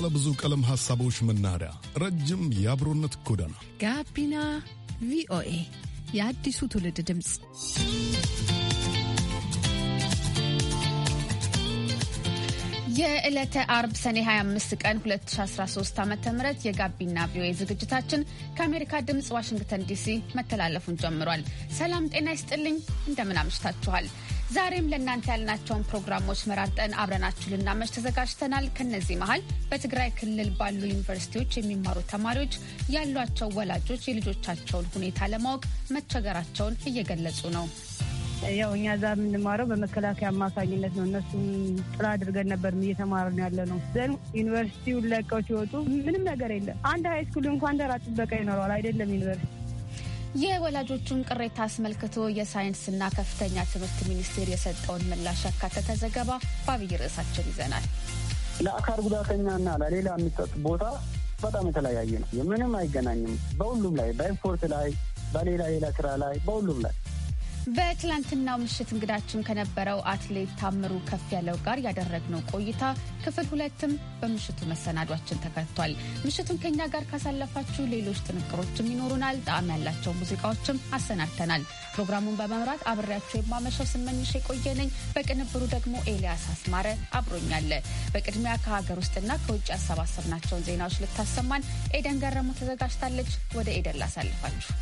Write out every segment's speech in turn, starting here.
ባለብዙ ቀለም ሐሳቦች መናኸሪያ፣ ረጅም የአብሮነት ጎዳና ጋቢና ቪኦኤ የአዲሱ ትውልድ ድምፅ። የዕለተ አርብ ሰኔ 25 ቀን 2013 ዓ ም የጋቢና ቪኦኤ ዝግጅታችን ከአሜሪካ ድምፅ ዋሽንግተን ዲሲ መተላለፉን ጀምሯል። ሰላም ጤና ይስጥልኝ። እንደምን አምሽታችኋል? ዛሬም ለእናንተ ያልናቸውን ፕሮግራሞች መራርጠን አብረናችሁ ልናመሽ ተዘጋጅተናል። ከነዚህ መሀል በትግራይ ክልል ባሉ ዩኒቨርሲቲዎች የሚማሩ ተማሪዎች ያሏቸው ወላጆች የልጆቻቸውን ሁኔታ ለማወቅ መቸገራቸውን እየገለጹ ነው። ያው እኛ እዛ የምንማረው በመከላከያ አማካኝነት ነው። እነሱም ጥላ አድርገን ነበር እየተማርን ያለ ነው። ዘን ዩኒቨርሲቲውን ለቀው ሲወጡ ምንም ነገር የለም። አንድ ሀይስኩል እንኳን ደራ ጥበቃ ይኖረዋል አይደለም ዩኒቨርሲቲ የወላጆቹን ቅሬታ አስመልክቶ የሳይንስና ከፍተኛ ትምህርት ሚኒስቴር የሰጠውን ምላሽ ያካተተ ዘገባ በአብይ ርዕሳችን ይዘናል። ለአካል ጉዳተኛና ለሌላ የሚሰጥ ቦታ በጣም የተለያየ ነው። ምንም አይገናኝም። በሁሉም ላይ በስፖርት ላይ፣ በሌላ ሌላ ስራ ላይ፣ በሁሉም ላይ በትላንትናው ምሽት እንግዳችን ከነበረው አትሌት ታምሩ ከፍ ያለው ጋር ያደረግነው ቆይታ ክፍል ሁለትም በምሽቱ መሰናዷችን ተከትቷል። ምሽቱን ከኛ ጋር ካሳለፋችሁ ሌሎች ጥንቅሮችም ይኖሩናል። ጣዕም ያላቸው ሙዚቃዎችም አሰናድተናል። ፕሮግራሙን በመምራት አብሬያቸው የማመሻው ስመኝሽ የቆየነኝ፣ በቅንብሩ ደግሞ ኤልያስ አስማረ አብሮኛለ። በቅድሚያ ከሀገር ውስጥና ከውጭ ያሰባሰብናቸውን ዜናዎች ልታሰማን ኤደን ገረሙ ተዘጋጅታለች። ወደ ኤደን ላሳልፋችሁ።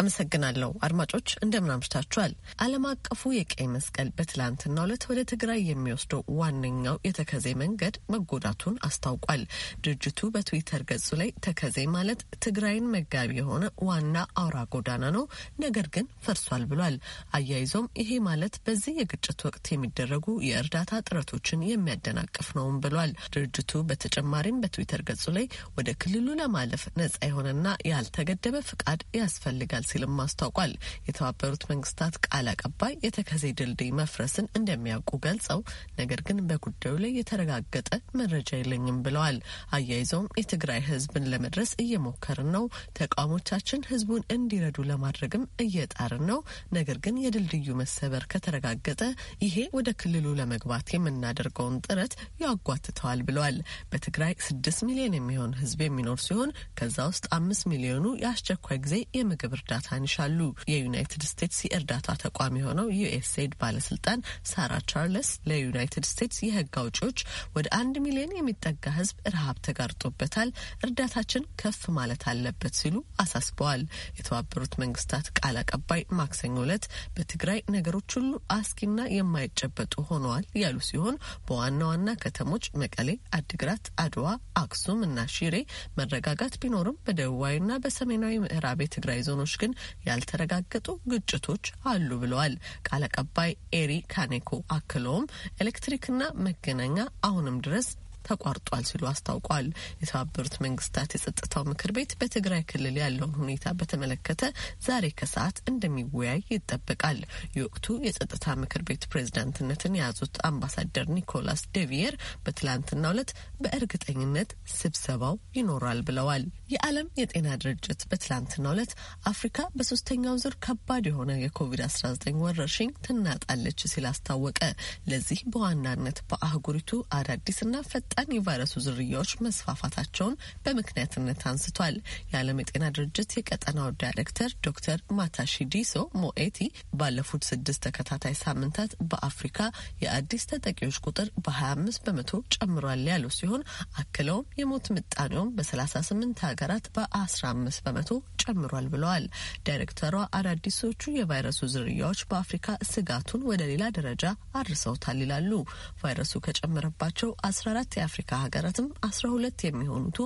አመሰግናለሁ። አድማጮች እንደምን አምሽታችኋል። ዓለም አቀፉ የቀይ መስቀል በትላንትናው ዕለት ወደ ትግራይ የሚወስደው ዋነኛው የተከዜ መንገድ መጎዳቱን አስታውቋል። ድርጅቱ በትዊተር ገጹ ላይ ተከዜ ማለት ትግራይን መጋቢ የሆነ ዋና አውራ ጎዳና ነው፣ ነገር ግን ፈርሷል ብሏል። አያይዞም ይሄ ማለት በዚህ የግጭት ወቅት የሚደረጉ የእርዳታ ጥረቶችን የሚያደናቅፍ ነውም ብሏል። ድርጅቱ በተጨማሪም በትዊተር ገጹ ላይ ወደ ክልሉ ለማለፍ ነጻ የሆነና ያልተገደበ ፍቃድ ያስፈልጋል ሲልም አስታውቋል። የተባበሩት መንግስታት ቃል አቀባይ የተከዜ ድልድይ መፍረስን እንደሚያውቁ ገልጸው ነገር ግን በጉዳዩ ላይ የተረጋገጠ መረጃ የለኝም ብለዋል። አያይዘውም የትግራይ ህዝብን ለመድረስ እየሞከርን ነው፣ ተቃውሞቻችን ህዝቡን እንዲረዱ ለማድረግም እየጣርን ነው። ነገር ግን የድልድዩ መሰበር ከተረጋገጠ ይሄ ወደ ክልሉ ለመግባት የምናደርገውን ጥረት ያጓትተዋል ብለዋል። በትግራይ ስድስት ሚሊዮን የሚሆን ህዝብ የሚኖር ሲሆን ከዛ ውስጥ አምስት ሚሊዮኑ የአስቸኳይ ጊዜ የምግብ እርዳ እርዳታ ይሻሉ። የዩናይትድ ስቴትስ የእርዳታ ተቋም የሆነው ዩኤስኤድ ባለስልጣን ሳራ ቻርለስ ለዩናይትድ ስቴትስ የህግ አውጪዎች ወደ አንድ ሚሊዮን የሚጠጋ ህዝብ ረሃብ ተጋርጦበታል፣ እርዳታችን ከፍ ማለት አለበት ሲሉ አሳስበዋል። የተባበሩት መንግስታት ቃል አቀባይ ማክሰኞ ዕለት በትግራይ ነገሮች ሁሉ አስጊና የማይጨበጡ ሆነዋል ያሉ ሲሆን በዋና ዋና ከተሞች መቀሌ፣ አድግራት፣ አድዋ፣ አክሱም እና ሺሬ መረጋጋት ቢኖርም በደቡባዊና በሰሜናዊ ምዕራብ የትግራይ ዞኖች ግን ግን ያልተረጋገጡ ግጭቶች አሉ ብለዋል። ቃል አቀባይ ኤሪ ካኔኮ አክለውም ኤሌክትሪክና መገናኛ አሁንም ድረስ ተቋርጧል ሲሉ አስታውቋል። የተባበሩት መንግስታት የጸጥታው ምክር ቤት በትግራይ ክልል ያለውን ሁኔታ በተመለከተ ዛሬ ከሰዓት እንደሚወያይ ይጠበቃል። የወቅቱ የጸጥታ ምክር ቤት ፕሬዝዳንትነትን የያዙት አምባሳደር ኒኮላስ ዴቪየር በትላንትናው ዕለት በእርግጠኝነት ስብሰባው ይኖራል ብለዋል። የዓለም የጤና ድርጅት በትላንትናው ዕለት አፍሪካ በሶስተኛው ዙር ከባድ የሆነ የኮቪድ-19 ወረርሽኝ ትናጣለች ሲል አስታወቀ። ለዚህ በዋናነት በአህጉሪቱ አዳዲስና ፈጣ መጠን የቫይረሱ ዝርያዎች መስፋፋታቸውን በምክንያትነት አንስቷል። የዓለም የጤና ድርጅት የቀጠናው ዳይሬክተር ዶክተር ማታሺዲሶ ሞኤቲ ባለፉት ስድስት ተከታታይ ሳምንታት በአፍሪካ የአዲስ ተጠቂዎች ቁጥር በ25 በመቶ ጨምሯል ያሉ ሲሆን አክለውም የሞት ምጣኔውም በ38 ሀገራት በ15 በመቶ ጨምሯል ብለዋል። ዳይሬክተሯ አዳዲሶቹ የቫይረሱ ዝርያዎች በአፍሪካ ስጋቱን ወደ ሌላ ደረጃ አድርሰውታል ይላሉ። ቫይረሱ ከጨመረባቸው 14 የአፍሪካ ሀገራትም አስራ ሁለት የሚሆኑቱ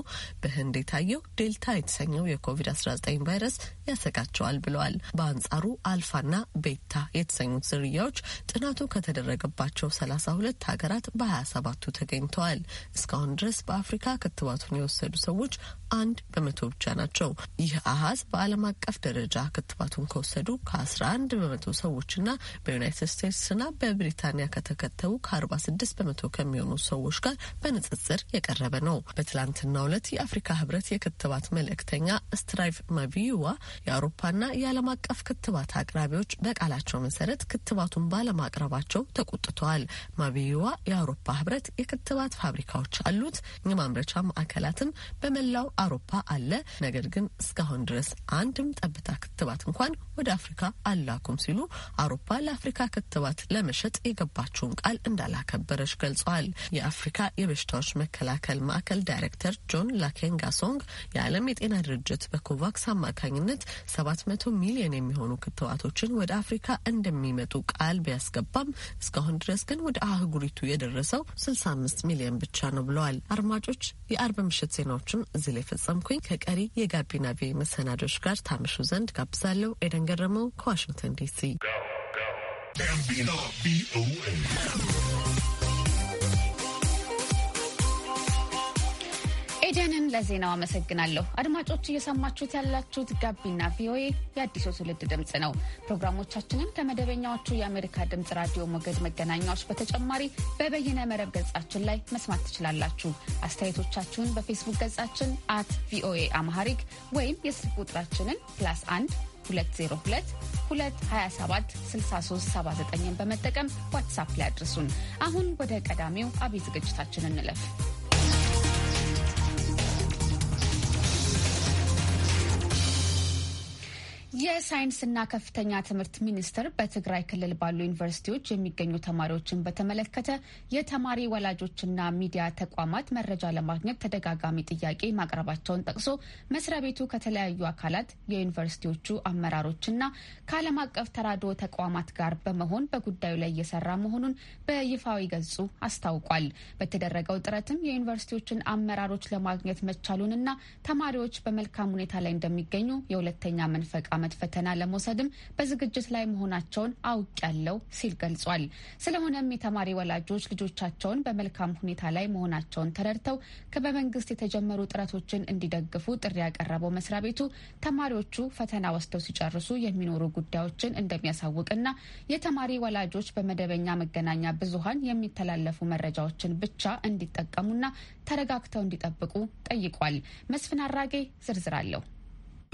በህንድ የታየው ዴልታ የተሰኘው የኮቪድ-19 ቫይረስ ያሰጋቸዋል ብለዋል። በአንጻሩ አልፋና ቤታ የተሰኙት ዝርያዎች ጥናቱ ከተደረገባቸው ሰላሳ ሁለት ሀገራት በሀያ ሰባቱ ተገኝተዋል። እስካሁን ድረስ በአፍሪካ ክትባቱን የወሰዱ ሰዎች አንድ በመቶ ብቻ ናቸው። ይህ አሀዝ በዓለም አቀፍ ደረጃ ክትባቱን ከወሰዱ ከ11 በመቶ ሰዎችና በዩናይትድ ስቴትስና በብሪታንያ ከተከተቡ ከ46 በመቶ ከሚሆኑ ሰዎች ጋር በንጽጽር የቀረበ ነው። በትላንትናው ዕለት የአፍሪካ ህብረት የክትባት መልእክተኛ ስትራይቭ ማቪዩዋ የአውሮፓና የዓለም አቀፍ ክትባት አቅራቢዎች በቃላቸው መሰረት ክትባቱን ባለማቅረባቸው ተቆጥተዋል። ማቪዩዋ የአውሮፓ ህብረት የክትባት ፋብሪካዎች አሉት፣ የማምረቻ ማዕከላትም በመላው አውሮፓ አለ። ነገር ግን እስካሁን ድረስ አንድም ጠብታ ክትባት እንኳን ወደ አፍሪካ አላኩም ሲሉ አውሮፓ ለአፍሪካ ክትባት ለመሸጥ የገባቸውን ቃል እንዳላከበረች ገልጸዋል። የአፍሪካ በሽታዎች መከላከል ማዕከል ዳይሬክተር ጆን ላኬንጋሶንግ የዓለም የጤና ድርጅት በኮቫክስ አማካኝነት ሰባት መቶ ሚሊዮን የሚሆኑ ክትባቶችን ወደ አፍሪካ እንደሚመጡ ቃል ቢያስገባም እስካሁን ድረስ ግን ወደ አህጉሪቱ የደረሰው ስልሳ አምስት ሚሊዮን ብቻ ነው ብለዋል። አድማጮች፣ የአርብ ምሽት ዜናዎችን እዚህ ላይ ፈጸምኩኝ። ከቀሪ የጋቢና ቪ መሰናዶች ጋር ታምሹ ዘንድ ጋብዛለሁ። ኤደን ገረመው ከዋሽንግተን ዲሲ ኤደንን ለዜናው አመሰግናለሁ። አድማጮች እየሰማችሁት ያላችሁት ጋቢና ቪኦኤ የአዲሱ ትውልድ ድምፅ ነው። ፕሮግራሞቻችንን ከመደበኛዎቹ የአሜሪካ ድምፅ ራዲዮ ሞገድ መገናኛዎች በተጨማሪ በበይነ መረብ ገጻችን ላይ መስማት ትችላላችሁ። አስተያየቶቻችሁን በፌስቡክ ገጻችን አት ቪኦኤ አምሃሪክ ወይም የስልክ ቁጥራችንን ፕላስ 1 6379 በመጠቀም ዋትሳፕ ላይ አድርሱን። አሁን ወደ ቀዳሚው አብይ ዝግጅታችን እንለፍ። የሳይንስና ከፍተኛ ትምህርት ሚኒስቴር በትግራይ ክልል ባሉ ዩኒቨርሲቲዎች የሚገኙ ተማሪዎችን በተመለከተ የተማሪ ወላጆችና ሚዲያ ተቋማት መረጃ ለማግኘት ተደጋጋሚ ጥያቄ ማቅረባቸውን ጠቅሶ መስሪያ ቤቱ ከተለያዩ አካላት የዩኒቨርሲቲዎቹ አመራሮችና ከዓለም አቀፍ ተራድኦ ተቋማት ጋር በመሆን በጉዳዩ ላይ እየሰራ መሆኑን በይፋዊ ገጹ አስታውቋል። በተደረገው ጥረትም የዩኒቨርሲቲዎችን አመራሮች ለማግኘት መቻሉንና ተማሪዎች በመልካም ሁኔታ ላይ እንደሚገኙ የሁለተኛ መንፈቅ የጥናት ፈተና ለመውሰድም በዝግጅት ላይ መሆናቸውን አውቅ ያለው ሲል ገልጿል። ስለሆነም የተማሪ ወላጆች ልጆቻቸውን በመልካም ሁኔታ ላይ መሆናቸውን ተረድተው በመንግስት የተጀመሩ ጥረቶችን እንዲደግፉ ጥሪ ያቀረበው መስሪያ ቤቱ ተማሪዎቹ ፈተና ወስደው ሲጨርሱ የሚኖሩ ጉዳዮችን እንደሚያሳውቅና የተማሪ ወላጆች በመደበኛ መገናኛ ብዙሃን የሚተላለፉ መረጃዎችን ብቻ እንዲጠቀሙና ተረጋግተው እንዲጠብቁ ጠይቋል። መስፍን አራጌ ዝርዝር አለው።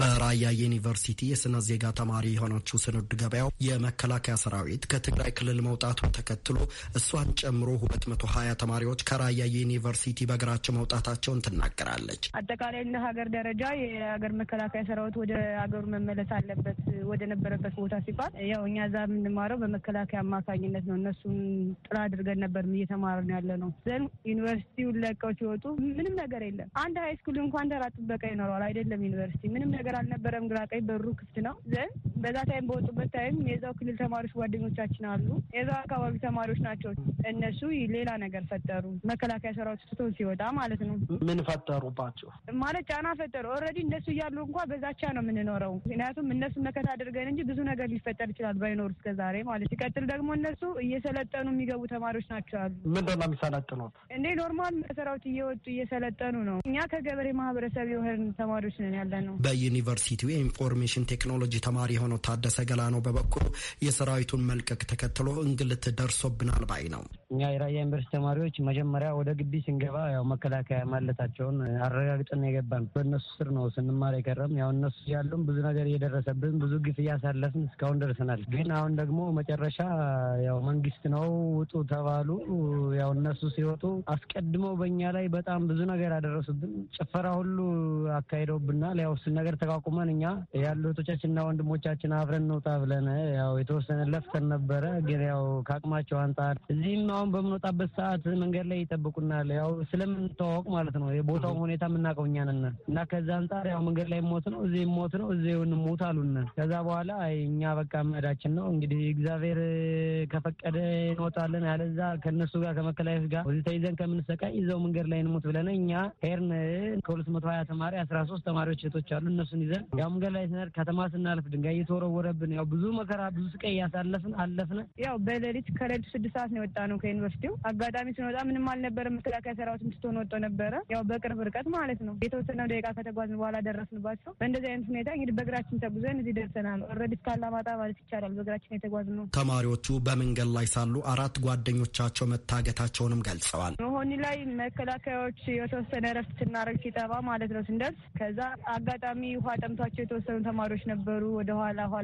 በራያ ዩኒቨርሲቲ የስነ ዜጋ ተማሪ የሆነችው ስንዱ ገበያው የመከላከያ ሰራዊት ከትግራይ ክልል መውጣቱ ተከትሎ እሷን ጨምሮ 220 ተማሪዎች ከራያ ዩኒቨርሲቲ በእግራቸው መውጣታቸውን ትናገራለች። አጠቃላይ እንደ ሀገር ደረጃ የሀገር መከላከያ ሰራዊት ወደ ሀገሩ መመለስ አለበት ወደ ነበረበት ቦታ ሲባል ያው እኛ እዛ የምንማረው በመከላከያ አማካኝነት ነው። እነሱን ጥላ አድርገን ነበር እየተማርን ያለ ነው። ዘን ዩኒቨርሲቲውን ለቀው ሲወጡ ምንም ነገር የለም። አንድ ሀይስኩል እንኳን ተራ ጥበቃ ይኖረዋል አይደለም ዩኒቨርሲቲ ምንም ነገር ነገር አልነበረም። ግራ ቀኝ በሩ ክፍት ነው። ዘን በዛ ታይም በወጡበት ታይም የዛው ክልል ተማሪዎች ጓደኞቻችን አሉ። የዛው አካባቢ ተማሪዎች ናቸው። እነሱ ሌላ ነገር ፈጠሩ። መከላከያ ሰራዊት ትቶ ሲወጣ ማለት ነው። ምን ፈጠሩባቸው ማለት ጫና ፈጠሩ። ኦልሬዲ እነሱ እያሉ እንኳ በዛቻ ነው የምንኖረው። ምክንያቱም እነሱ መከት አድርገን እንጂ ብዙ ነገር ሊፈጠር ይችላል ባይኖር እስከዛሬ ማለት ሲቀጥል ደግሞ እነሱ እየሰለጠኑ የሚገቡ ተማሪዎች ናቸው አሉ። ምንድን ነው የሚሰለጥኑት? እንዴ ኖርማል መሰራዊት እየወጡ እየሰለጠኑ ነው። እኛ ከገበሬ ማህበረሰብ የሆን ተማሪዎች ነን ያለ ነው። የዩኒቨርሲቲው የኢንፎርሜሽን ቴክኖሎጂ ተማሪ የሆነው ታደሰ ገላ ነው በበኩሉ የሰራዊቱን መልቀቅ ተከትሎ እንግልት ደርሶብናል ባይ ነው። እኛ የራያ ዩኒቨርሲቲ ተማሪዎች መጀመሪያ ወደ ግቢ ስንገባ ያው መከላከያ ማለታቸውን አረጋግጠን የገባን በእነሱ ስር ነው ስንማር የከረም ያው እነሱ ያሉም ብዙ ነገር እየደረሰብን ብዙ ግፍ እያሳለፍን እስካሁን ደርሰናል። ግን አሁን ደግሞ መጨረሻ ያው መንግስት ነው ውጡ ተባሉ። ያው እነሱ ሲወጡ አስቀድመው በእኛ ላይ በጣም ብዙ ነገር አደረሱብን። ጭፈራ ሁሉ አካሂደውብናል። ያው እሱን ነገር ተቋቁመን እኛ ያሉ እህቶቻችንና ወንድሞቻችን አብረን እንውጣ ብለን ያው የተወሰነ ለፍተን ነበረ። ግን ያው ከአቅማቸው አንጻር እዚህም አሁን በምንወጣበት ሰዓት መንገድ ላይ ይጠብቁናል። ያው ስለምንተዋወቅ ማለት ነው። የቦታውን ሁኔታ የምናውቀው እኛ ነን እና ከዛ አንጻር ያው መንገድ ላይ ሞት ነው፣ እዚህ ሞት ነው፣ እዚው እንሞት አሉን። ከዛ በኋላ እኛ በቃ መዳችን ነው እንግዲህ እግዚአብሔር ከፈቀደ እንወጣለን፣ ያለዛ ከእነሱ ጋር ከመከላየት ጋር እዚህ ተይዘን ከምንሰቃይ ይዘው መንገድ ላይ እንሞት ብለን እኛ ሄርን። ከሁለት መቶ ሀያ ተማሪ አስራ ሶስት ተማሪዎች እህቶች አሉ እነሱ ራሳችን ይዘን ያው መንገድ ላይ ከተማ ስናልፍ ድንጋይ እየተወረወረብን ያው ብዙ መከራ ብዙ ስቃይ እያሳለፍን አለፍን። ያው በሌሊት ከሌሊቱ ስድስት ሰዓት ነው የወጣ ነው ከዩኒቨርሲቲው። አጋጣሚ ስንወጣ ምንም አልነበረ። መከላከያ ሰራዊትም ስትሆን ወጥቶ ነበረ። ያው በቅርብ ርቀት ማለት ነው። የተወሰነው ደቂቃ ከተጓዝን በኋላ ደረስንባቸው። በእንደዚህ አይነት ሁኔታ እንግዲህ በእግራችን ተጉዘን እዚህ ደርሰናል። ኦልሬዲ እስከ አላማጣ ማለት ይቻላል በእግራችን ነው። ተማሪዎቹ በመንገድ ላይ ሳሉ አራት ጓደኞቻቸው መታገታቸውንም ገልጸዋል። መሆኒ ላይ መከላከያዎች የተወሰነ ረፍት ስናደርግ ሲጠባ ማለት ነው ስንደርስ ከዛ አጋጣሚ ውሃ ጠምቷቸው የተወሰኑ ተማሪዎች ነበሩ። ወደኋላ ውሃ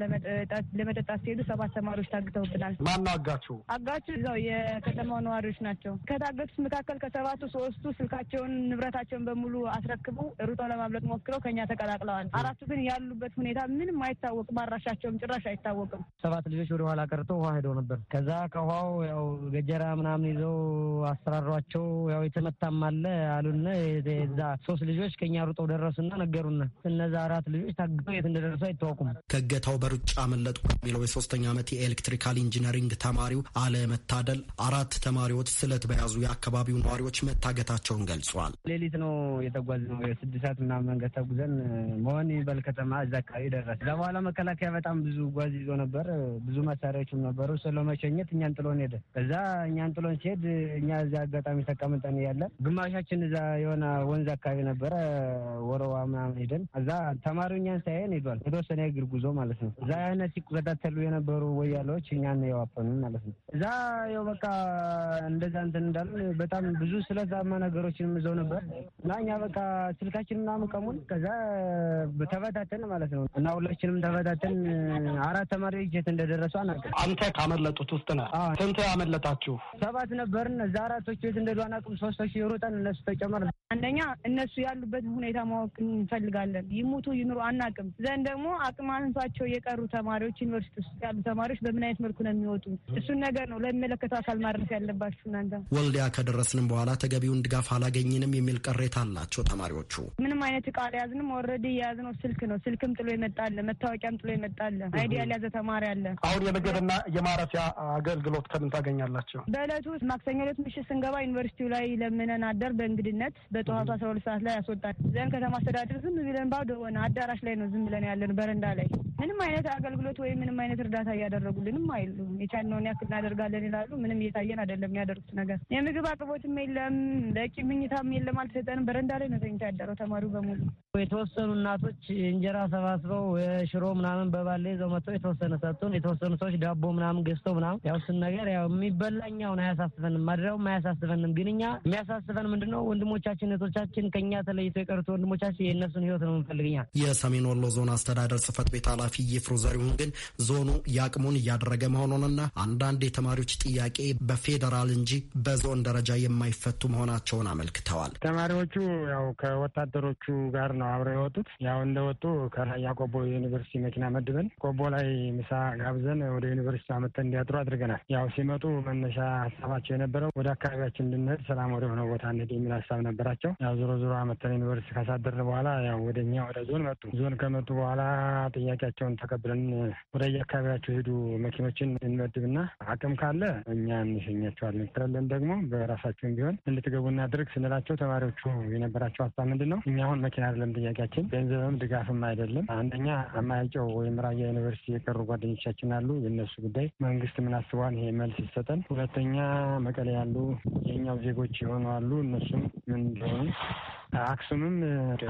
ለመጠጣት ሲሄዱ ሰባት ተማሪዎች ታግተውብናል። ማን አጋችሁ? አጋቹ እዛው የከተማው ነዋሪዎች ናቸው። ከታገቱት መካከል ከሰባቱ ሶስቱ ስልካቸውን ንብረታቸውን በሙሉ አስረክበው ሩጠው ለማምለጥ ሞክረው ከኛ ተቀላቅለዋል። አራቱ ግን ያሉበት ሁኔታ ምንም አይታወቅም። አድራሻቸውም ጭራሽ አይታወቅም። ሰባት ልጆች ወደኋላ ቀርተው ውሃ ሄደው ነበር። ከዛ ከውሃው ያው ገጀራ ምናምን ይዘው አሰራሯቸው ያው የተመታም አለ አሉና፣ እዛ ሶስት ልጆች ከኛ ሩጠው ደረሱና ነገሩና እነዛ አራት ልጆች ታግተው የት እንደደረሱ አይታወቁም። ከእገታው በሩጫ አመለጥኩ የሚለው የሶስተኛ ዓመት የኤሌክትሪካል ኢንጂነሪንግ ተማሪው አለመታደል አራት ተማሪዎች ስለት በያዙ የአካባቢው ነዋሪዎች መታገታቸውን ገልጿል። ሌሊት ነው የተጓዝነው። የስድስት ሰዓት ምናምን መንገድ ተጉዘን መሆን ይበል ከተማ እዛ አካባቢ ደረስ። ከዛ በኋላ መከላከያ በጣም ብዙ ጓዝ ይዞ ነበር። ብዙ መሳሪያዎችም ነበሩ። ስለመሸኘት እኛን ጥሎን ሄደ። እዛ እኛን ጥሎን ሲሄድ እኛ እዚ አጋጣሚ ተቀምጠን ያለ ግማሻችን እዛ የሆነ ወንዝ አካባቢ ነበረ ወረዋ ምናምን ሄደን እዛ ተማሪው እኛን ሳይሆን ሄዷል። የተወሰነ የእግር ጉዞ ማለት ነው። እዛ ያነ ሲቆጣጠሉ የነበሩ ወያሎች እኛን የዋፈኑን ማለት ነው። እዛ ያው በቃ እንደዛ እንትን እንዳሉ በጣም ብዙ ስለዛማ ነገሮችን ምዘው ነበር እና እኛ በቃ ስልካችን ምናምን ቀሙን። ከዛ ተፈታተን ማለት ነው እና ሁላችንም ተፈታተን። አራት ተማሪዎች የት እንደደረሱ አናውቅም። አንተ ካመለጡት ውስጥ ነህ። ስንት ያመለጣችሁ? ሰባት ነበርን። እዛ አራቶች የት እንደዱ አናውቅም። ሶስቶች የሮጠን እነሱ ተጨመር። አንደኛ እነሱ ያሉበት ሁኔታ ማወቅ እንፈልጋለን። ይሙ ይሙቱ ይኑሩ አናቅም ዘንድ ደግሞ አቅም አንሷቸው የቀሩ ተማሪዎች ዩኒቨርሲቲ ውስጥ ያሉ ተማሪዎች በምን አይነት መልኩ ነው የሚወጡ? እሱን ነገር ነው ለሚመለከተው አካል ማድረስ ያለባችሁ እናንተ። ወልዲያ ከደረስንም በኋላ ተገቢውን ድጋፍ አላገኝንም የሚል ቅሬታ አላቸው ተማሪዎቹ። ምንም አይነት እቃ አልያዝንም። ወረድ የያዝነው ስልክ ነው። ስልክም ጥሎ ይመጣለ፣ መታወቂያም ጥሎ ይመጣለ። አይዲ ያልያዘ ተማሪ አለ። አሁን የምግብና የማረፊያ አገልግሎት ከምን ታገኛላቸው? በእለቱ ማክሰኞ ዕለት ምሽት ስንገባ ዩኒቨርሲቲው ላይ ለምነን አደር በእንግድነት በጠዋቱ አስራ ሁለት ሰዓት ላይ ያስወጣል ዘን ከተማ አስተዳደር ዝም ብለን ባዶ የሆነ አዳራሽ ላይ ነው ዝም ብለን ያለን፣ በረንዳ ላይ ምንም አይነት አገልግሎት ወይም ምንም አይነት እርዳታ እያደረጉልንም አይሉም። የቻልነውን ያክል እናደርጋለን ይላሉ። ምንም እየታየን አይደለም የሚያደርጉት ነገር። የምግብ አቅርቦትም የለም፣ በቂ ምኝታም የለም፣ አልተሰጠንም። በረንዳ ላይ ነው ተኝታ ያደረው ተማሪው በሙሉ። የተወሰኑ እናቶች እንጀራ ሰባስበው ሽሮ ምናምን በባለ ይዘው መጥተው የተወሰነ ሰጡን። የተወሰኑ ሰዎች ዳቦ ምናምን ገዝተው ምናምን ያው እሱን ነገር ያው የሚበላኛውን አያሳስበንም፣ ማድሪያውም አያሳስበንም። ግን እኛ የሚያሳስበን ምንድነው ወንድሞቻችን እህቶቻችን ከኛ ተለይቶ የቀሩት ወንድሞቻችን የእነሱን ህይወት ነው የምንፈልግኛ የሰሜን ወሎ ዞን አስተዳደር ጽህፈት ቤት ኃላፊ ይፍሩ ዘሪሁን ግን ዞኑ የአቅሙን እያደረገ መሆኑንና አንዳንድ የተማሪዎች ጥያቄ በፌዴራል እንጂ በዞን ደረጃ የማይፈቱ መሆናቸውን አመልክተዋል። ተማሪዎቹ ያው ከወታደሮቹ ጋር ነው አብረው የወጡት። ያው እንደወጡ ከራያ ቆቦ ዩኒቨርሲቲ መኪና መድበን ቆቦ ላይ ምሳ ጋብዘን ወደ ዩኒቨርሲቲ አመተን እንዲያጥሩ አድርገናል። ያው ሲመጡ መነሻ ሀሳባቸው የነበረው ወደ አካባቢያችን እንድንሄድ ሰላም ወደ ሆነ ቦታ እንሄድ የሚል ሀሳብ ነበራቸው። ያው ዞሮ ዞሮ አመተን ዩኒቨርሲቲ ካሳደርን በኋላ ያው ወደኛ ወደ ዞን መጡ። ዞን ከመጡ በኋላ ጥያቄያቸውን ተቀብለን ወደ የአካባቢያቸው ሄዱ መኪኖችን እንመድብና አቅም ካለ እኛ እንሸኛቸዋለን፣ ከሌለን ደግሞ በራሳቸውን ቢሆን እንድትገቡ እናድርግ ስንላቸው ተማሪዎቹ የነበራቸው ሀሳብ ምንድን ነው? እኛ አሁን መኪና አይደለም ጥያቄያችን፣ ገንዘብም ድጋፍም አይደለም። አንደኛ አማያጨው ወይም ራያ ዩኒቨርሲቲ የቀሩ ጓደኞቻችን አሉ። የእነሱ ጉዳይ መንግስት ምን አስቧል? ይሄ መልስ ይሰጠን። ሁለተኛ መቀሌ ያሉ የኛው ዜጎች የሆኑ አሉ። እነሱም ምን እንደሆኑ አክሱምም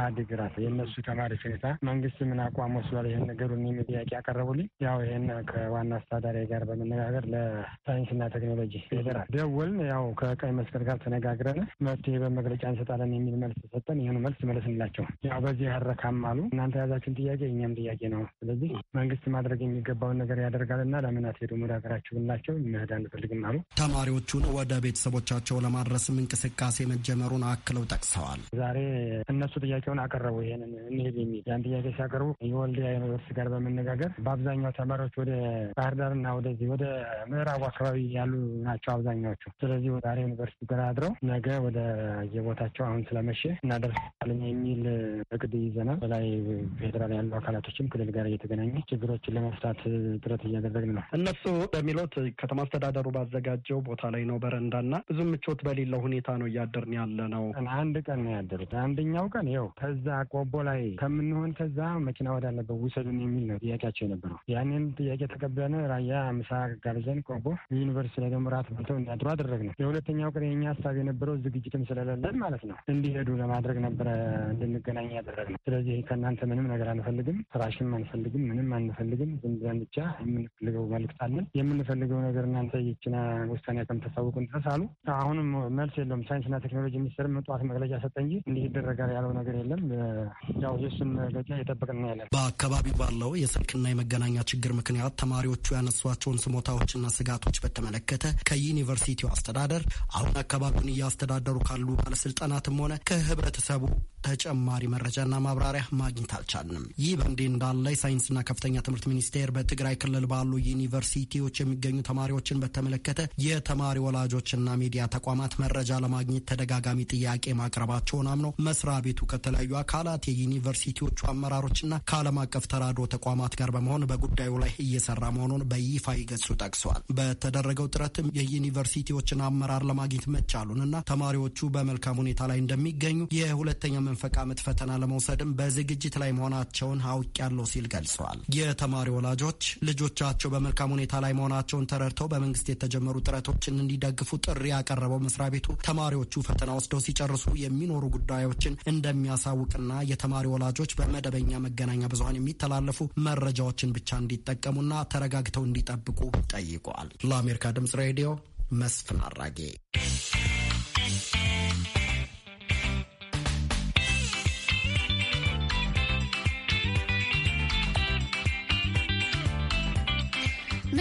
አዲግራት የእነሱ ተማሪ አስቸጋሪ ሁኔታ መንግስት ምን አቋም ወስዷል? ይህን ነገሩ የሚል ጥያቄ ያቀረቡልኝ ያው ይህን ከዋና አስተዳዳሪ ጋር በመነጋገር ለሳይንስና ቴክኖሎጂ ፌዴራል ደወልን። ያው ከቀይ መስቀል ጋር ተነጋግረን መፍትሄ በመግለጫ እንሰጣለን የሚል መልስ ሰጠን። ይህኑ መልስ መለስንላቸው። ያው በዚህ ያረካም አሉ። እናንተ የያዛችሁን ጥያቄ እኛም ጥያቄ ነው። ስለዚህ መንግስት ማድረግ የሚገባውን ነገር ያደርጋልና ለምን አትሄዱም ወደ ሀገራችሁ ብላቸው መሄድ አንፈልግም አሉ። ተማሪዎቹን ወደ ቤተሰቦቻቸው ለማድረስም እንቅስቃሴ መጀመሩን አክለው ጠቅሰዋል። ዛሬ እነሱ ጥያቄውን አቀረቡ። ይሄንን እንሄድ የሚል ያን ጥያቄ ሲያቀርቡ የወልዲያ ዩኒቨርሲቲ ጋር በመነጋገር በአብዛኛው ተማሪዎች ወደ ባህር ዳርና ወደዚህ ወደ ምዕራቡ አካባቢ ያሉ ናቸው አብዛኛዎቹ። ስለዚህ አሬ ዩኒቨርሲቲ ጋር አድረው ነገ ወደ የቦታቸው አሁን ስለመሸ እናደርሳለን የሚል እቅድ ይዘናል። በላይ ፌዴራል ያሉ አካላቶችም ክልል ጋር እየተገናኘ ችግሮችን ለመፍታት ጥረት እያደረግን ነው። እነሱ በሚሉት ከተማ አስተዳደሩ ባዘጋጀው ቦታ ላይ ነው በረንዳና ብዙ ምቾት በሌለው ሁኔታ ነው እያደርን ያለ ነው። አንድ ቀን ነው ያደሩት። አንደኛው ቀን ይኸው ከዛ ቆቦ ላይ ከምንሆን ከዛ መኪና ወዳለበት ውሰዱን የሚል ነው ጥያቄያቸው የነበረው። ያንን ጥያቄ ተቀብለን ራያ ምሳ ጋብዘን ቆቦ ዩኒቨርሲቲ ላይ ደግሞ ራት በልተው እንዲያድሩ አደረግ ነው። የሁለተኛው ቀን የኛ ሀሳብ የነበረው ዝግጅትም ስለሌለን ማለት ነው እንዲሄዱ ለማድረግ ነበረ እንድንገናኝ ያደረግ ነው። ስለዚህ ከእናንተ ምንም ነገር አንፈልግም፣ ፍራሽም አንፈልግም፣ ምንም አንፈልግም። ዝም ብለን ብቻ የምንፈልገው መልዕክት አለን የምንፈልገው ነገር እናንተ ይችና ውሳኔ ከምታሳውቁን ድረስ አሉ። አሁንም መልስ የለውም። ሳይንስና ቴክኖሎጂ ሚኒስቴርም ጠዋት መግለጫ ሰጠ እንጂ እንዲህ ይደረጋል ያለው ነገር የለም። ያው የሱ ራሳችን ደረጃ ያለን በአካባቢው ባለው የስልክና የመገናኛ ችግር ምክንያት ተማሪዎቹ ያነሷቸውን ስሞታዎችና ስጋቶች በተመለከተ ከዩኒቨርሲቲው አስተዳደር አሁን አካባቢውን እያስተዳደሩ ካሉ ባለስልጣናትም ሆነ ከህብረተሰቡ ተጨማሪ መረጃና ማብራሪያ ማግኘት አልቻልንም። ይህ በእንዲህ እንዳለ የሳይንስና ከፍተኛ ትምህርት ሚኒስቴር በትግራይ ክልል ባሉ ዩኒቨርሲቲዎች የሚገኙ ተማሪዎችን በተመለከተ የተማሪ ወላጆችና ሚዲያ ተቋማት መረጃ ለማግኘት ተደጋጋሚ ጥያቄ ማቅረባቸውን አምኖ መስሪያ ቤቱ ከተለያዩ አካላት የዩኒቨርሲቲዎቹ አመራሮችና ከዓለም አቀፍ ተራድኦ ተቋማት ጋር በመሆን በጉዳዩ ላይ እየሰራ መሆኑን በይፋ ይገጹ ጠቅሰዋል። በተደረገው ጥረትም የዩኒቨርሲቲዎችን አመራር ለማግኘት መቻሉንና ተማሪዎቹ በመልካም ሁኔታ ላይ እንደሚገኙ የሁለተኛ የመንፈቅ ዓመት ፈተና ለመውሰድም በዝግጅት ላይ መሆናቸውን አውቄያለሁ ሲል ገልጸዋል። የተማሪ ወላጆች ልጆቻቸው በመልካም ሁኔታ ላይ መሆናቸውን ተረድተው በመንግስት የተጀመሩ ጥረቶችን እንዲደግፉ ጥሪ ያቀረበው መስሪያ ቤቱ ተማሪዎቹ ፈተና ወስደው ሲጨርሱ የሚኖሩ ጉዳዮችን እንደሚያሳውቅና የተማሪ ወላጆች በመደበኛ መገናኛ ብዙሀን የሚተላለፉ መረጃዎችን ብቻ እንዲጠቀሙና ተረጋግተው እንዲጠብቁ ጠይቋል። ለአሜሪካ ድምጽ ሬዲዮ መስፍን አራጌ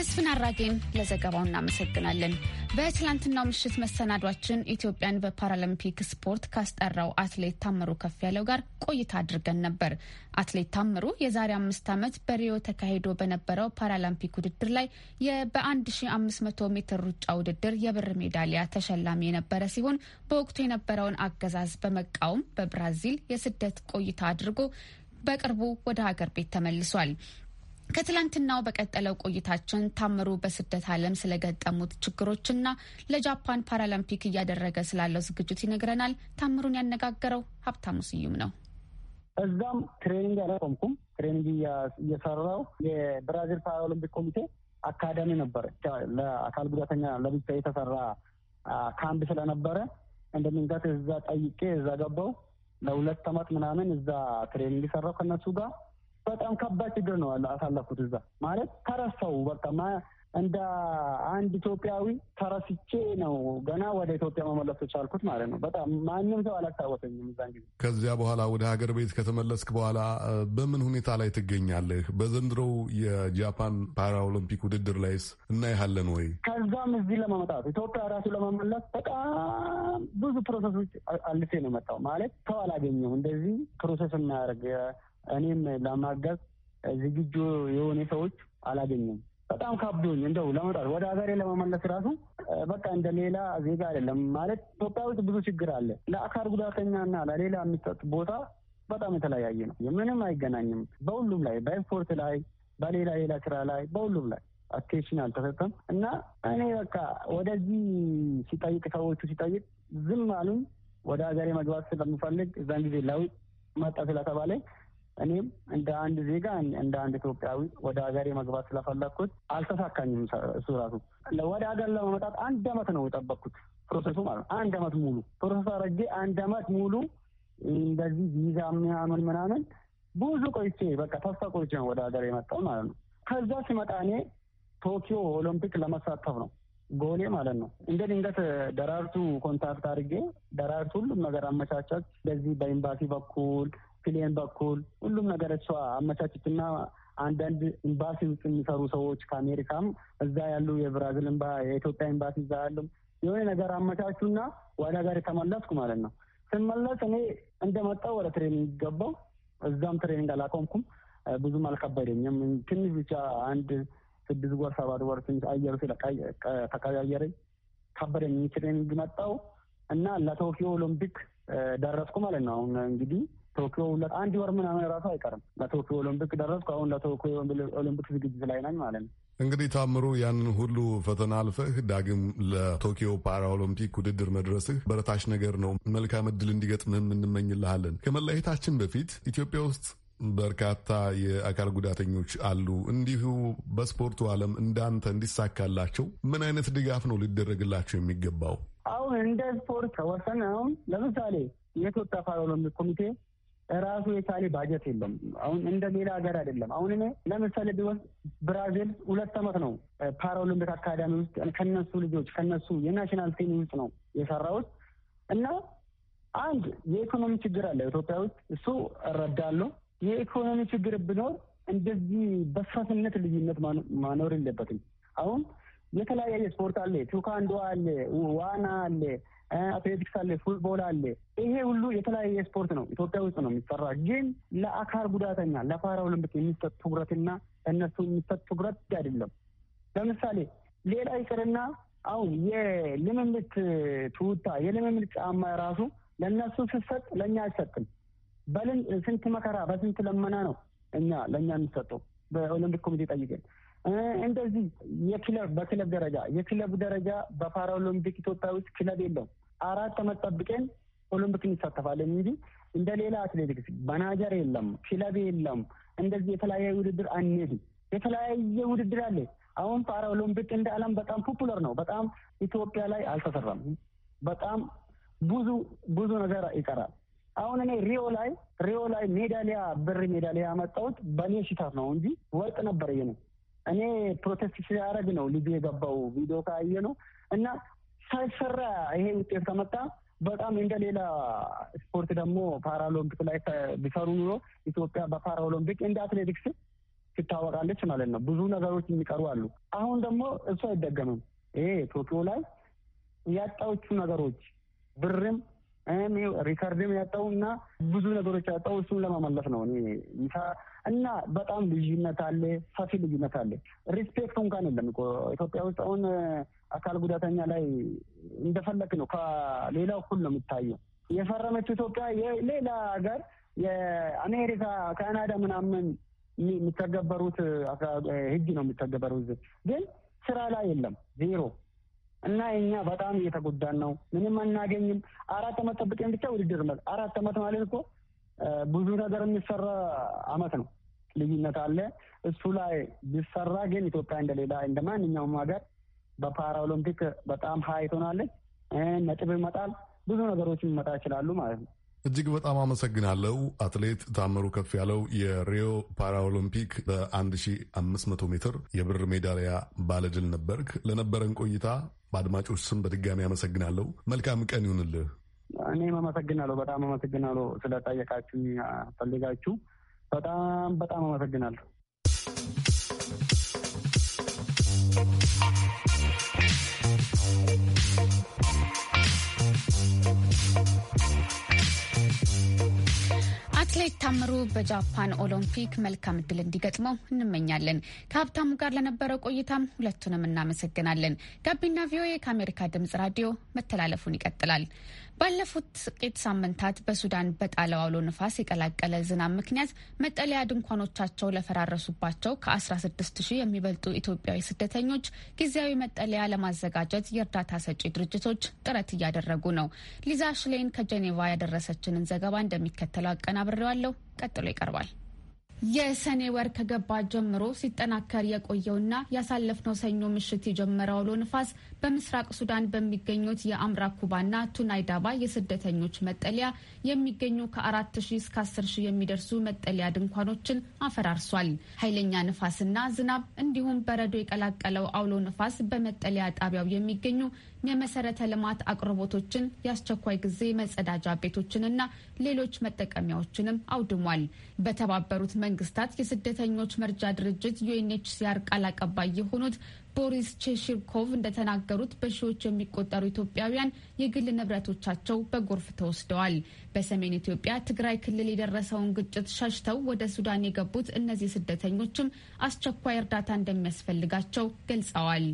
መስፍን አራጌን ለዘገባው እናመሰግናለን። በትላንትናው ምሽት መሰናዷችን ኢትዮጵያን በፓራሊምፒክ ስፖርት ካስጠራው አትሌት ታምሩ ከፍ ያለው ጋር ቆይታ አድርገን ነበር። አትሌት ታምሩ የዛሬ አምስት ዓመት በሪዮ ተካሂዶ በነበረው ፓራሊምፒክ ውድድር ላይ በ1500 ሜትር ሩጫ ውድድር የብር ሜዳሊያ ተሸላሚ የነበረ ሲሆን በወቅቱ የነበረውን አገዛዝ በመቃወም በብራዚል የስደት ቆይታ አድርጎ በቅርቡ ወደ ሀገር ቤት ተመልሷል። ከትላንትናው በቀጠለው ቆይታችን ታምሩ በስደት ዓለም ስለገጠሙት ችግሮችና ለጃፓን ፓራላምፒክ እያደረገ ስላለው ዝግጅት ይነግረናል። ታምሩን ያነጋገረው ሀብታሙ ስዩም ነው። እዛም ትሬኒንግ አላቆምኩም። ትሬኒንግ እየሰራው የብራዚል ፓራኦሎምፒክ ኮሚቴ አካዳሚ ነበር። ለአካል ጉዳተኛ ለብቻ የተሰራ ካምፕ ስለነበረ እንደምንጋት እዛ ጠይቄ እዛ ገባው። ለሁለት ዓመት ምናምን እዛ ትሬኒንግ ሰራው ከነሱ ጋር በጣም ከባድ ችግር ነው አሳለፍኩት። እዛ ማለት ተረሳው በቃ እንደ አንድ ኢትዮጵያዊ ተረስቼ ነው ገና ወደ ኢትዮጵያ መመለስ ቻልኩት ማለት ነው። በጣም ማንም ሰው አላስታወሰኝም እዛን ጊዜ። ከዚያ በኋላ ወደ ሀገር ቤት ከተመለስክ በኋላ በምን ሁኔታ ላይ ትገኛለህ? በዘንድሮው የጃፓን ፓራኦሎምፒክ ውድድር ላይስ እናይሃለን ወይ? ከዛም እዚህ ለመመጣት ኢትዮጵያ ራሱ ለመመለስ በጣም ብዙ ፕሮሰሶች አልፌ ነው መጣው። ማለት ሰው አላገኘው እንደዚህ ፕሮሰስ የሚያደርግ እኔም ለማገዝ ዝግጁ የሆነ ሰዎች አላገኘም። በጣም ካብዶኝ እንደው ለመጣት ወደ ሀገሬ ለመመለስ ራሱ በቃ እንደ ሌላ ዜጋ አይደለም ማለት። ኢትዮጵያ ውስጥ ብዙ ችግር አለ። ለአካል ጉዳተኛና ለሌላ የሚሰጥ ቦታ በጣም የተለያየ ነው። ምንም አይገናኝም። በሁሉም ላይ በስፖርት ላይ፣ በሌላ ሌላ ስራ ላይ፣ በሁሉም ላይ አቴንሽን አልተሰጠም እና እኔ በቃ ወደዚህ ሲጠይቅ ሰዎቹ ሲጠይቅ ዝም አሉኝ። ወደ ሀገሬ መግባት ስለምፈልግ እዛን ጊዜ ለውጥ መጣ ስለተባለ እኔም እንደ አንድ ዜጋ እንደ አንድ ኢትዮጵያዊ ወደ ሀገሬ መግባት ስለፈለግኩት አልተሳካኝም። እሱ ራሱ ወደ ሀገር ለመመጣት አንድ አመት ነው የጠበቅኩት ፕሮሰሱ ማለት አንድ አመት ሙሉ ፕሮሰሱ አረጌ አንድ አመት ሙሉ እንደዚህ ቪዛ ምናምን ምናምን ብዙ ቆይቼ በቃ ተስፋ ቆይቼ ነው ወደ ሀገር የመጣው ማለት ነው። ከዛ ሲመጣ እኔ ቶኪዮ ኦሎምፒክ ለመሳተፍ ነው ጎኔ ማለት ነው። እንደ ድንገት ደራርቱ ኮንታክት አድርጌ ደራርቱ ሁሉም ነገር አመቻቻች። በዚህ በኤምባሲ በኩል ፕሌን በኩል ሁሉም ነገር እሷ አመቻችትና አንዳንድ ኤምባሲ ውስጥ የሚሰሩ ሰዎች ከአሜሪካም እዛ ያሉ የብራዚል የኢትዮጵያ ኤምባሲ እዛ ያሉም የሆነ ነገር አመቻቹና ወደ ሀገር የተመለስኩ ማለት ነው። ስመለስ እኔ እንደመጣው ወደ ትሬኒንግ ገባው። እዛም ትሬኒንግ አላቆምኩም። ብዙም አልከበደኝም። ትንሽ ብቻ አንድ ስድስት ወር ሰባት ወር ትንሽ አየሩ ተቀያየረኝ፣ ከበደኝ። ትሬኒንግ መጣው እና ለቶኪዮ ኦሎምፒክ ደረስኩ ማለት ነው። አሁን እንግዲህ ቶኪዮ አንድ ወር ምናምን ራሱ አይቀርም። ለቶኪዮ ኦሎምፒክ ደረስኩ። አሁን ለቶኪዮ ኦሎምፒክ ዝግጅት ላይ ነኝ ማለት ነው። እንግዲህ ታምሩ ያንን ሁሉ ፈተና አልፈህ ዳግም ለቶኪዮ ፓራኦሎምፒክ ውድድር መድረስህ በረታሽ ነገር ነው። መልካም እድል እንዲገጥምህም እንመኝልሃለን። ከመለየታችን በፊት ኢትዮጵያ ውስጥ በርካታ የአካል ጉዳተኞች አሉ። እንዲሁ በስፖርቱ ዓለም እንዳንተ እንዲሳካላቸው ምን አይነት ድጋፍ ነው ሊደረግላቸው የሚገባው? አሁን እንደ ስፖርት ከወሰን አሁን ለምሳሌ የኢትዮጵያ ፓራኦሎምፒክ ኮሚቴ ራሱ የቻለ ባጀት የለም። አሁን እንደ ሌላ ሀገር አይደለም። አሁን እኔ ለምሳሌ ቢወስድ ብራዚል ሁለት አመት ነው ፓራኦሎምፒክ አካዳሚ ውስጥ ከነሱ ልጆች ከነሱ የናሽናል ቲም ውስጥ ነው የሰራሁት እና አንድ የኢኮኖሚ ችግር አለ ኢትዮጵያ ውስጥ እሱ እረዳለሁ። የኢኮኖሚ ችግር ቢኖር እንደዚህ በፈስነት ልዩነት ማኖር የለበትም። አሁን የተለያየ ስፖርት አለ፣ ቱካንዶ አለ፣ ዋና አለ አትሌቲክስ አለ፣ ፉትቦል አለ። ይሄ ሁሉ የተለያየ ስፖርት ነው፣ ኢትዮጵያ ውስጥ ነው የሚሰራ። ግን ለአካል ጉዳተኛ ለፓራ ኦሎምፒክ የሚሰጥ ትኩረትና ለእነሱ የሚሰጥ ትኩረት አይደለም። ለምሳሌ ሌላ ይቅርና አሁን የልምምድ ትውታ የልምምድ ጫማ ራሱ ለእነሱ ስሰጥ ለእኛ አይሰጥም። በልን ስንት መከራ በስንት ለመና ነው እኛ ለእኛ የሚሰጠው በኦሎምፒክ ኮሚቴ ጠይቀን እንደዚህ የክለብ በክለብ ደረጃ የክለብ ደረጃ በፓራኦሎምፒክ ኢትዮጵያ ውስጥ ክለብ የለውም። አራት ዓመት ጠብቀን ኦሎምፒክ እንሳተፋለን እንጂ እንደ ሌላ አትሌቲክስ መናጀር የለም፣ ክለብ የለም። እንደዚህ የተለያየ ውድድር አንሄድ። የተለያየ ውድድር አለ። አሁን ፓራ ኦሎምፒክ እንደ ዓለም በጣም ፖፑለር ነው። በጣም ኢትዮጵያ ላይ አልተሰራም። በጣም ብዙ ብዙ ነገር ይቀራል። አሁን እኔ ሪዮ ላይ ሪዮ ላይ ሜዳሊያ ብር ሜዳሊያ ያመጣሁት በእኔ ሽታት ነው እንጂ ወርቅ ነበር ነው እኔ ፕሮቴስት ሲያደርግ ነው ልጁ የገባው ቪዲዮ ካየ ነው እና ሳይሰራ ይሄ ውጤት ከመጣ በጣም እንደ ሌላ ስፖርት ደግሞ ኦሎምፒክ ላይ ቢሰሩ ኑሮ ኢትዮጵያ በፓራኦሎምፒክ እንደ አትሌቲክስ ትታወቃለች ማለት ነው። ብዙ ነገሮች የሚቀሩ አሉ። አሁን ደግሞ እሱ አይደገምም። ይሄ ቶኪዮ ላይ ያጣዎቹ ነገሮች ብርም ሪከርድም ያጣው እና ብዙ ነገሮች ያጣው እሱን ለመመለስ ነው እና በጣም ልዩነት አለ፣ ሰፊ ልዩነት አለ። ሪስፔክቱ እንኳን የለም ኢትዮጵያ ውስጥ አሁን አካል ጉዳተኛ ላይ እንደፈለክ ነው። ከሌላው እኩል ነው የሚታየው። የፈረመችው ኢትዮጵያ ሌላ ሀገር የአሜሪካ ካናዳ ምናምን የሚተገበሩት ህግ ነው የሚተገበሩት፣ ግን ስራ ላይ የለም ዜሮ። እና እኛ በጣም እየተጎዳን ነው። ምንም አናገኝም። አራት አመት ጠብቀን ብቻ ውድድር አራት አመት ማለት እኮ ብዙ ነገር የሚሰራ አመት ነው። ልዩነት አለ። እሱ ላይ ቢሰራ ግን ኢትዮጵያ እንደሌላ እንደ ማንኛውም ሀገር በፓራኦሎምፒክ በጣም ሀይ ትሆናለች። ነጥብ ይመጣል፣ ብዙ ነገሮች ሊመጣ ይችላሉ ማለት ነው። እጅግ በጣም አመሰግናለሁ አትሌት ታምሩ ከፍ ያለው የሪዮ ፓራኦሎምፒክ በ1500 ሜትር የብር ሜዳሊያ ባለድል ነበርክ። ለነበረን ቆይታ በአድማጮች ስም በድጋሚ አመሰግናለሁ። መልካም ቀን ይሁንልህ። እኔም አመሰግናለሁ። በጣም አመሰግናለሁ ስለጠየቃችሁ ፈልጋችሁ በጣም በጣም አመሰግናለሁ። አትሌት ታምሩ በጃፓን ኦሎምፒክ መልካም እድል እንዲገጥመው እንመኛለን። ከሀብታሙ ጋር ለነበረው ቆይታም ሁለቱንም እናመሰግናለን። ጋቢና ቪኦኤ ከአሜሪካ ድምጽ ራዲዮ መተላለፉን ይቀጥላል። ባለፉት ጥቂት ሳምንታት በሱዳን በጣለው አውሎ ንፋስ የቀላቀለ ዝናብ ምክንያት መጠለያ ድንኳኖቻቸው ለፈራረሱባቸው ከ16 ሺህ የሚበልጡ ኢትዮጵያዊ ስደተኞች ጊዜያዊ መጠለያ ለማዘጋጀት የእርዳታ ሰጪ ድርጅቶች ጥረት እያደረጉ ነው። ሊዛ ሽሌን ከጀኔቫ ያደረሰችንን ዘገባ እንደሚከተለው አቀናብሬዋለሁ። ቀጥሎ ይቀርባል። የሰኔ ወር ከገባ ጀምሮ ሲጠናከር የቆየውና ያሳለፍነው ሰኞ ምሽት የጀመረው አውሎ ንፋስ በምስራቅ ሱዳን በሚገኙት የአምራ ኩባና ቱናይዳባ የስደተኞች መጠለያ የሚገኙ ከ ሺ እስከ አስር ሺ የሚደርሱ መጠለያ ድንኳኖችን አፈራርሷል። ኃይለኛ ንፋስና ዝናብ እንዲሁም በረዶ የቀላቀለው አውሎ ንፋስ በመጠለያ ጣቢያው የሚገኙ የመሰረተ ልማት አቅርቦቶችን፣ የአስቸኳይ ጊዜ መጸዳጃ ቤቶችንና ሌሎች መጠቀሚያዎችንም አውድሟል። በተባበሩት መንግስታት የስደተኞች መርጃ ድርጅት ዩኤንኤችሲአር ቃል አቀባይ የሆኑት ቦሪስ ቼሽርኮቭ እንደተናገሩት በሺዎች የሚቆጠሩ ኢትዮጵያውያን የግል ንብረቶቻቸው በጎርፍ ተወስደዋል። በሰሜን ኢትዮጵያ ትግራይ ክልል የደረሰውን ግጭት ሸሽተው ወደ ሱዳን የገቡት እነዚህ ስደተኞችም አስቸኳይ እርዳታ እንደሚያስፈልጋቸው ገልጸዋል።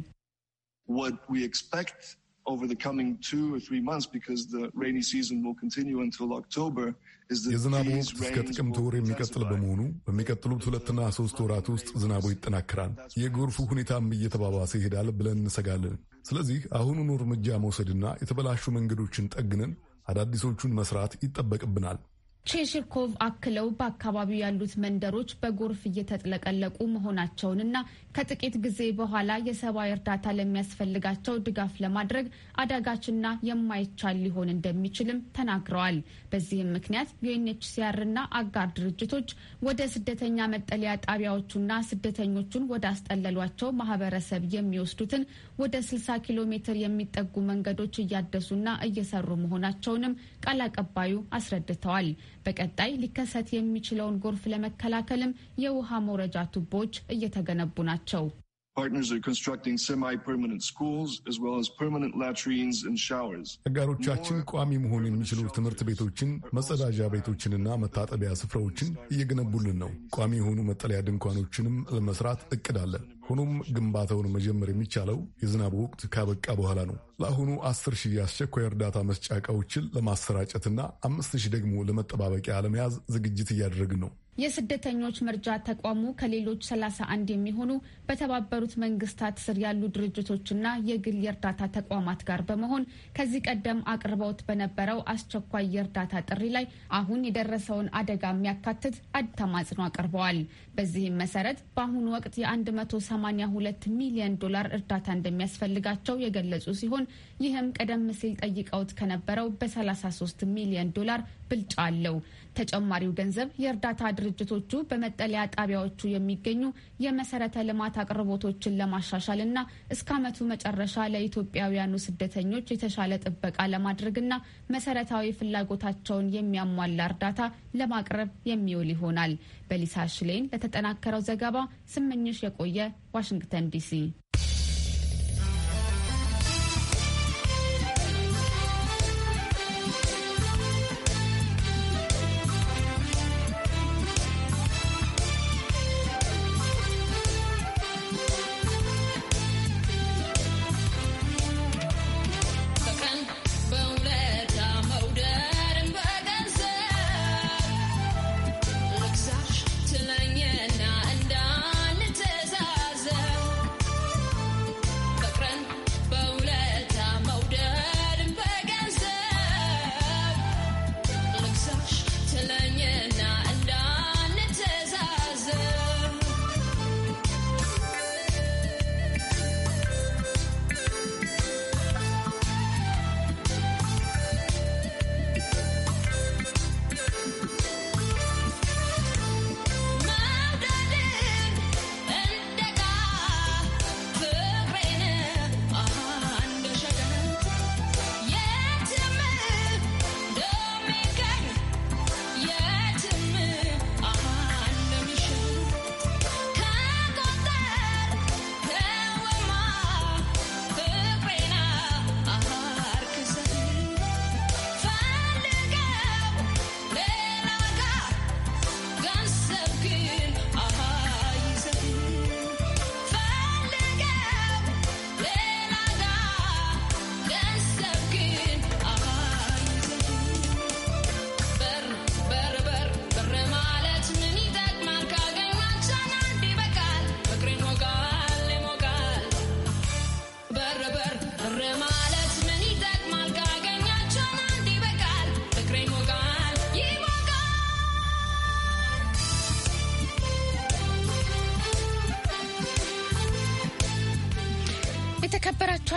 What we expect የዝናቡ ወቅት እስከ ጥቅምት ወር የሚቀጥል በመሆኑ በሚቀጥሉት ሁለትና ሶስት ወራት ውስጥ ዝናቡ ይጠናክራል፣ የጎርፉ ሁኔታም እየተባባሰ ይሄዳል ብለን እንሰጋለን። ስለዚህ አሁኑኑ እርምጃ መውሰድና የተበላሹ መንገዶችን ጠግነን አዳዲሶቹን መስራት ይጠበቅብናል። ቼሽርኮቭ አክለው በአካባቢው ያሉት መንደሮች በጎርፍ እየተጥለቀለቁ መሆናቸውንና ከጥቂት ጊዜ በኋላ የሰብአዊ እርዳታ ለሚያስፈልጋቸው ድጋፍ ለማድረግ አዳጋችና የማይቻል ሊሆን እንደሚችልም ተናግረዋል። በዚህም ምክንያት ዩኤንኤችሲአርና አጋር ድርጅቶች ወደ ስደተኛ መጠለያ ጣቢያዎቹና ስደተኞቹን ወደ አስጠለሏቸው ማህበረሰብ የሚወስዱትን ወደ 60 ኪሎ ሜትር የሚጠጉ መንገዶች እያደሱና እየሰሩ መሆናቸውንም ቃል አቀባዩ አስረድተዋል። በቀጣይ ሊከሰት የሚችለውን ጎርፍ ለመከላከልም የውሃ መውረጃ ቱቦዎች እየተገነቡ ናቸው። አጋሮቻችን ቋሚ መሆን የሚችሉ ትምህርት ቤቶችን፣ መጸዳጃ ቤቶችንና መታጠቢያ ስፍራዎችን እየገነቡልን ነው። ቋሚ የሆኑ መጠለያ ድንኳኖችንም ለመስራት እቅድ አለን። ሆኖም ግንባታውን መጀመር የሚቻለው የዝናቡ ወቅት ካበቃ በኋላ ነው። ለአሁኑ አስር ሺህ የአስቸኳይ እርዳታ መስጫ እቃዎችን ለማሰራጨትና አምስት ሺህ ደግሞ ለመጠባበቂያ ለመያዝ ዝግጅት እያደረግን ነው። የስደተኞች መርጃ ተቋሙ ከሌሎች 31 የሚሆኑ በተባበሩት መንግስታት ስር ያሉ ድርጅቶችና የግል የእርዳታ ተቋማት ጋር በመሆን ከዚህ ቀደም አቅርበውት በነበረው አስቸኳይ የእርዳታ ጥሪ ላይ አሁን የደረሰውን አደጋ የሚያካትት አዲስ ተማጽኖ አቅርበዋል። በዚህም መሰረት በአሁኑ ወቅት የ182 ሚሊዮን ዶላር እርዳታ እንደሚያስፈልጋቸው የገለጹ ሲሆን ይህም ቀደም ሲል ጠይቀውት ከነበረው በ33 ሚሊዮን ዶላር ብልጫ አለው። ተጨማሪው ገንዘብ የእርዳታ ድርጅቶቹ በመጠለያ ጣቢያዎቹ የሚገኙ የመሰረተ ልማት አቅርቦቶችን ለማሻሻል እና እስከ ዓመቱ መጨረሻ ለኢትዮጵያውያኑ ስደተኞች የተሻለ ጥበቃ ለማድረግ እና መሰረታዊ ፍላጎታቸውን የሚያሟላ እርዳታ ለማቅረብ የሚውል ይሆናል። በሊሳ ሽሌን ለተጠናከረው ዘገባ ስመኝሽ የቆየ ዋሽንግተን ዲሲ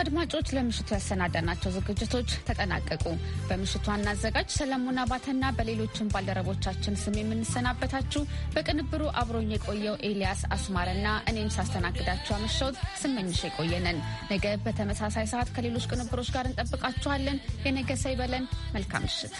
አድማጮች ለምሽቱ ያሰናዳናቸው ዝግጅቶች ተጠናቀቁ። በምሽቱ አናዘጋጅ ሰለሞን አባተና በሌሎችም ባልደረቦቻችን ስም የምንሰናበታችሁ በቅንብሩ አብሮኝ የቆየው ኤልያስ አስማረና እኔም ሳስተናግዳችሁ አመሻውት ስመኝሽ የቆየነን ነገ በተመሳሳይ ሰዓት ከሌሎች ቅንብሮች ጋር እንጠብቃችኋለን። የነገ ሰው ይበለን። መልካም ምሽት።